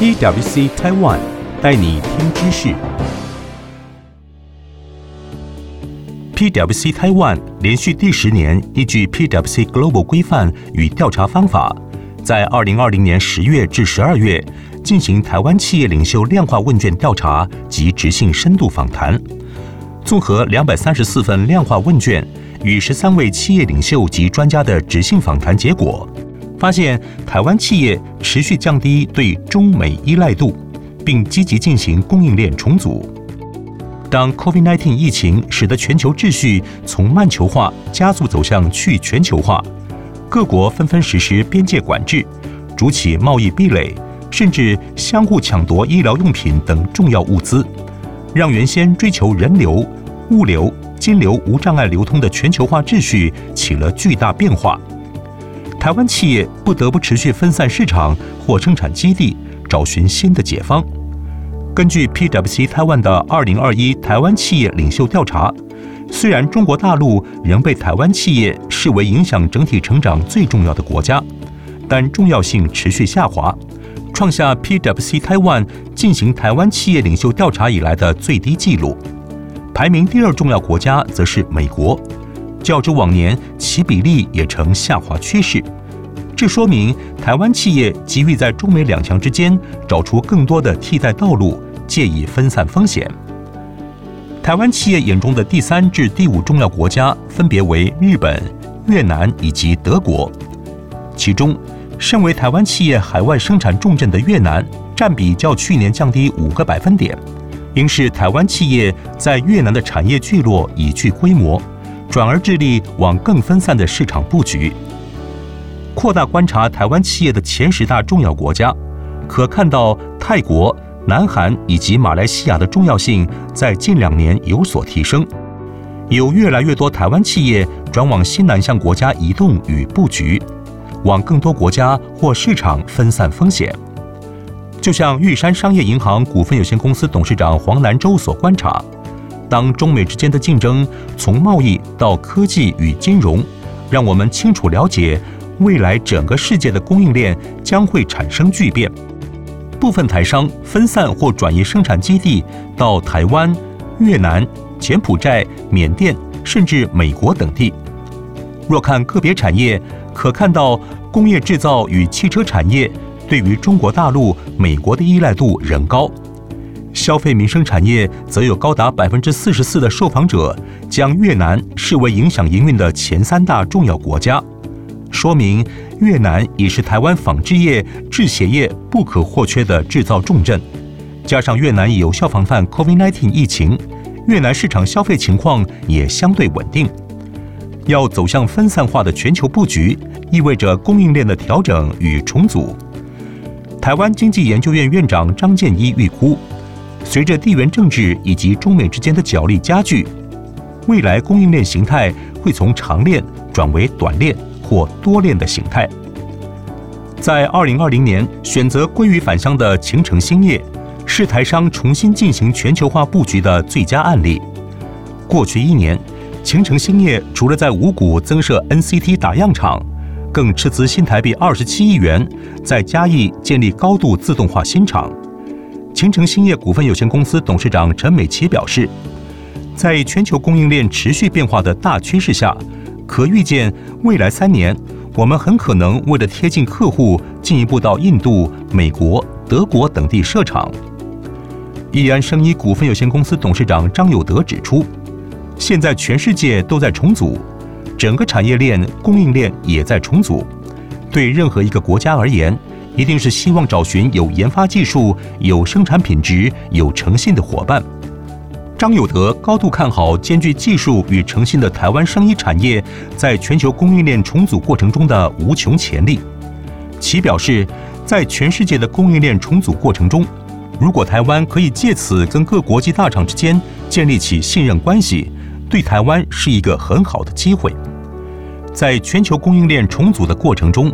PWC Taiwan 帶你聽知識。PWC Taiwan 連續第十年依據 PWC Global 規範與調查方法，在二零二零年十月至十二月進行台灣企業領袖量化問卷調查及質性深度訪談，綜合兩百三十四份量化問卷與十三位企業領袖及專家的質性訪談結果。發現台灣企業持續降低對中美依賴度，並積極進行供應鏈重組。當 COVID-19 疫情使得全球秩序從全球化加速走向去全球化，各國紛紛實施邊界管制、築起貿易壁壘，甚至相互搶奪醫療用品等重要物資，讓原先追求人流、物流、金流無障礙流通的全球化秩序起了巨大變化。台灣企業不得不持續分散市場或生產基地，找尋新的解方。根據 PwC Taiwan 的二零二一台灣企業領袖調查，雖然中國大陸仍被台灣企業視為影響整體成長最重要的國家，但重要性持續下滑，創下 PwC Taiwan 進行台灣企業領袖調查以來的最低紀錄。排名第二重要國家則是美國。較之往年，其比例也呈下滑趨勢。這說明台灣企業急於在中美兩強之間找出更多的替代道路，借以分散風險。台灣企業眼中的第三至第五重要國家分別為日本、越南以及德國。其中，身為台灣企業海外生產重鎮的越南，佔比較去年降低五個百分點，應是台灣企業在越南的產業聚落已具規模。轉而致力往更分散的市場佈局，擴大觀察台灣企業的前十大重要國家，可看到泰國、南韓以及馬來西亞的重要性在近兩年有所提升，有越來越多台灣企業轉往新南向國家移動與佈局，往更多國家或市場分散風險。就像玉山商業銀行股份有限公司董事長黃南洲所觀察。當中美之間的競爭，從貿易到科技與金融，讓我們清楚了解未來整個世界的供應鏈將會產生巨變。部分台商分散或轉移生產基地到台灣、越南、柬埔寨、緬甸，甚至美國等地。若看個別產業，可看到工業製造與汽車產業對於中國大陸、美國的依賴度仍高。消費民生產業則有高達百分之四十四的受訪者將越南視為影響營運的前三大重要國家，說明越南已是台灣紡織業、製鞋業不可或缺的製造重鎮。加上越南有效防範 COVID-19 疫情，越南市場消費情況也相對穩定。要走向分散化的全球布局，意味着供應鏈的調整與重組。台灣經濟研究院院長張建一預估。隨着地緣政治以及中美之間的角力加劇，未來供應鏈形態會從長鏈轉為短鏈或多鏈的形態。在2020年選擇鮭魚返鄉的勤誠興業，是台商重新進行全球化布局的最佳案例。過去一年，勤誠興業除了在五股增設 NCT 打樣廠，更斥資新台幣27億元，在嘉義建立高度自動化新廠。勤誠興業股份有限公司董事長陳美琪表示，在全球供應鏈持續變化的大趨勢下，可預見未來三年，我們很可能為了貼近客戶，進一步到印度、美國、德國等地設廠。益安生醫股份有限公司董事長張有德指出，現在全世界都在重組，整個產業鏈供應鏈也在重組，對任何一個國家而言，一定是希望找尋有研發技術、有生產品質、有誠信的伙伴。張有德高度看好兼具技術與誠信的台灣生醫產業在全球供應鏈重組過程中的無窮潛力。其表示，在全世界的供應鏈重組過程中，如果台灣可以借此跟各國際大廠之間建立起信任關係，對台灣是一個很好的機會。在全球供應鏈重組的過程中。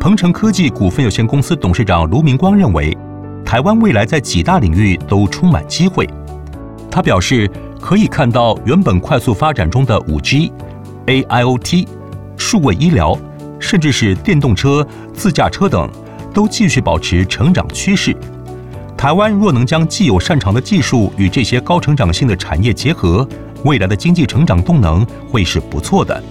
朋程科技股份有限公司董事長盧明光認為，台灣未來在幾大領域都充滿機會。他表示，可以看到原本快速發展中的 5G、AIoT、數位醫療，甚至是電動車、自駕車等，都繼續保持成長趨勢。台灣若能將既有擅長的技術與這些高成長性的產業結合，未來的經濟成長動能會是不錯的。